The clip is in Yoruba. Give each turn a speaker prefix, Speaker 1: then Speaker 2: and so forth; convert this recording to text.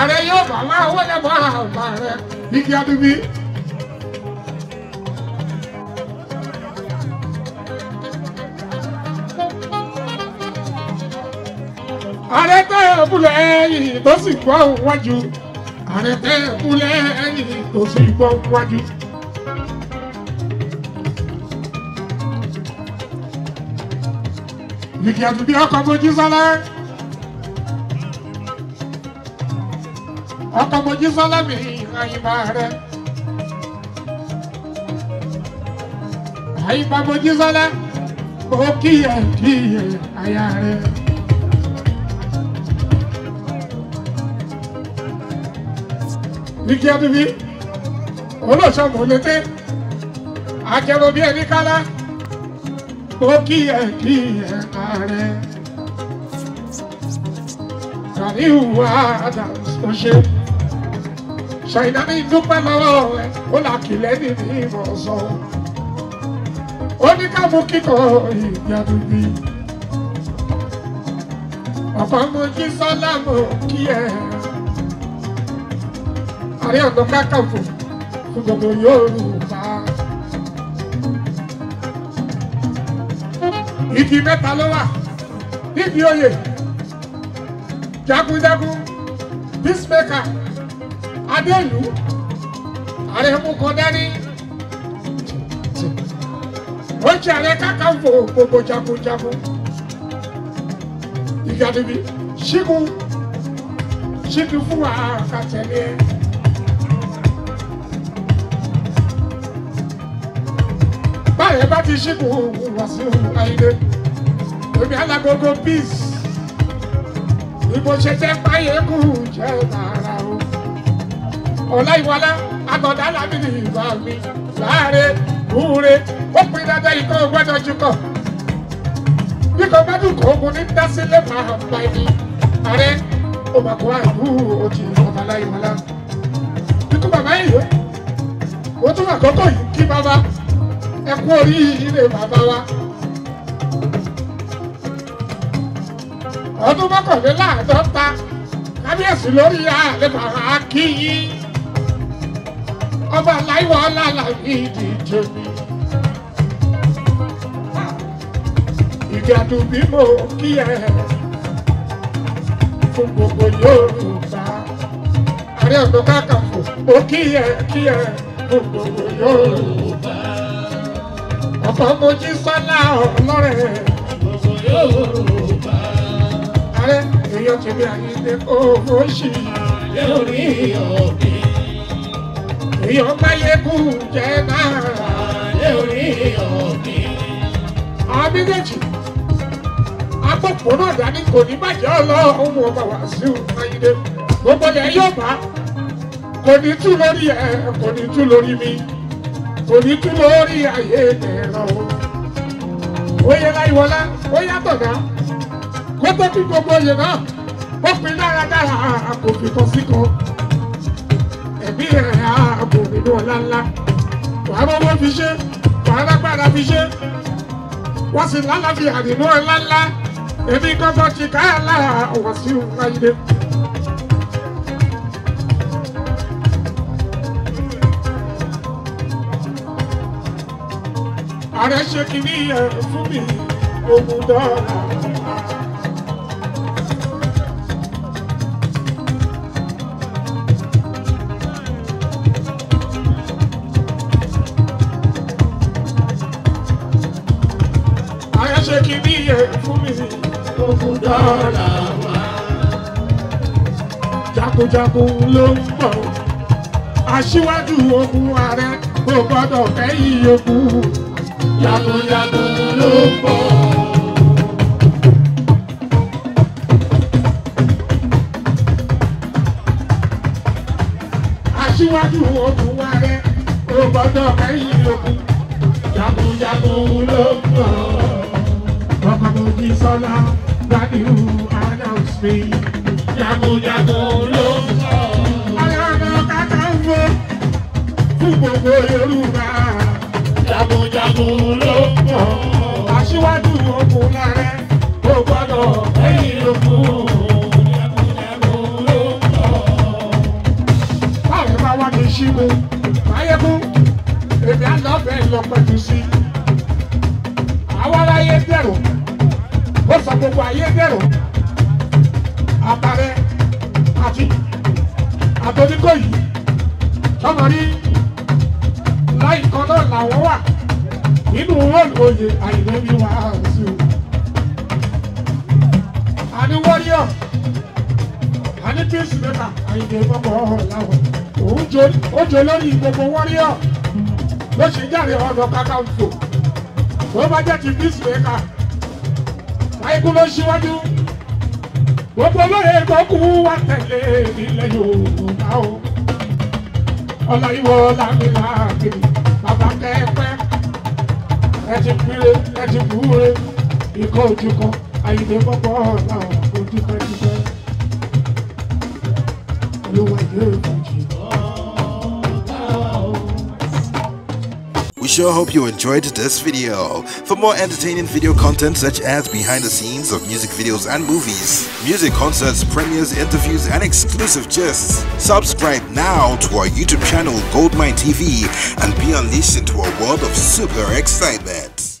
Speaker 1: ààrẹ yóò bá máa wọ́n lẹ́ bá àbá rẹ igi adubi. ààrẹ tẹ ẹ̀kúlẹ̀ ẹ̀yìn tó sì gbọ́ wájú ààrẹ tẹ ẹ̀kúlẹ̀ ẹ̀yìn tó sì gbọ́ wájú. igi adubi ọkọ̀ mojú sálẹ̀. ọkọ mojí sálámì àyìnbá rẹ. àyìnbá mojí sálá ó kíyè díyè àyà rẹ. ní kí á tún fi olóṣogbo létí àjẹrò bí ẹni kálá ó kíyè díyè ààrẹ. Kàníwá Adams ó ṣe ṣàyìnà mi dúpẹ́ lọ́wọ́ rẹ̀ ó là kìlẹ̀ ní ní ìmọ̀ sọ. ó ní ká mú kíkọ́ ìyanu bí. ọ̀pọ̀ mo jí sọ́lá mo kí ẹ. Ààrẹ Ọ̀nà Kakanfò fún gbogbo Yorùbá. igi mẹ́ta ló wà níbi oyè jagunjagun peacemaker adéèlú ààrẹ mú kan dání ó ń ṣe ààrẹ kákàǹfò gbogbo jagunjagun ìgbàdìbí ṣígun ṣígun fún wa àkàtẹ̀lé. báyẹ̀ bá ti ṣígun Wasiu Ayinde omi alágogo peace ìbò ṣẹ̀ṣẹ̀ páyé kù jẹ́ tààrà o ọláyíwọlá àgọ̀dá lábìlì ìgbà mi láàrẹ búure ó pin dandan ikọ̀ gbọ́dọ̀ jùkọ̀ bí kò bá dùn kó ogun ní dásílẹ̀ máa hàn pa ẹni ààrẹ òmàkùn àìkú òjì ọmọ aláyíwọlá ikú bàbá yìí ó tún àkókò yìí kí bàbá ẹ kú oríire bàbá wa. ọdún mọ́kànléláàádọ́ta kábíyèsí lórí ààrẹ bàbá kí yín ọba láìwọ̀ ọ̀làlàmì ìdíje mi. ìjàdù bí mo kí ẹ fún gbogbo Yorùbá Ààrẹ Ọ̀nà Kakanfò mo kí ẹ kí ẹ fún gbogbo Yorùbá ọ̀pọ̀ mojí sọ́lá ọlọ́rẹ̀ gbogbo Yorùbá ààrẹ èèyàn tèmi àyè ní owó ṣì lórí ọ̀gbìn ìyọ̀nbáyékú jẹ́ náà lé orí òfin. àwọn méjèèjì agbópo náà dání kò ní bàjẹ́ ọlọ́run mú ọba Wàsíù Ayinde gbogbo ilẹ̀ yóò bá kò ní tú lórí ẹ kò ní tú lórí mi kò ní tú lórí ayé ẹ̀rọ oyè gbogbo oyè náà ó pin dáradára kò kan sí kan ẹ̀mí rẹ̀ á bò nínú ọlá ńlá wàá mọ́wọ́ fi ṣe wàá lágbára fi ṣe wọ́n sì lálàáfíà nínú ọlá ńlá èmi gbọ́dọ̀ ti káyà lára ọ̀wọ̀ sí ọ̀gáyìdé. ààrẹ ṣe kìíní yẹn fún mi ogun dọ́ọ̀là. ṣe kìíní yẹn fún mi. Ogun dọ́là wá. Jagunjagun ló ń bọ̀. Aṣíwájú ogun ààrẹ kò gbọ́dọ̀ kẹ́yìn o gbọ́dọ̀ kẹ́yìn ogun jagunjagun ló ń Mojísọ́lá Gbádìrú announce me. Jagunjagun ló ń sọ. Ọlọ́mọ kàkà ń wo fún gbogbo Yorùbá. Jagunjagun ló ń sọ. Aṣíwájú okùn lára. àgbègbè ayédèrú àtàrẹ àti àtòdígbò yìí sọmọ rí láì kan náà làwọn wà nínú wọ́ọ̀lù oyè àìlẹ́bí wa sí o. a ní wọ́ríọ̀ a ní píṣìmẹ́ta àyìnbó gbogbo ọ̀hún láwọn òun jò lórí gbogbo wọ́ríọ̀ ló ṣe jáde ọ̀nà kàkàǹfò tó bá jẹ́ ti píṣìmẹ́ta àìkú ló ṣíwájú gbogbo olóyè tó kú wá tẹ̀lé ilẹ̀ Yorùbá o Ọláyíwọ Lámiláàkè bàbá kẹ́pẹ́ ẹ ti pire ẹ ti kúure ikọ̀ ojú kan àyíké pọ́pọ́ ọ̀la ojú pẹ́ẹ́pẹ́ olúwa ìlú èkó. sure hope you enjoyed this video. For more entertaining video content such as behind the scenes of music videos and movies, music concerts, premieres, interviews and exclusive gists, subscribe now to our YouTube channel Goldmine TV and be unleashed into a world of super excitement.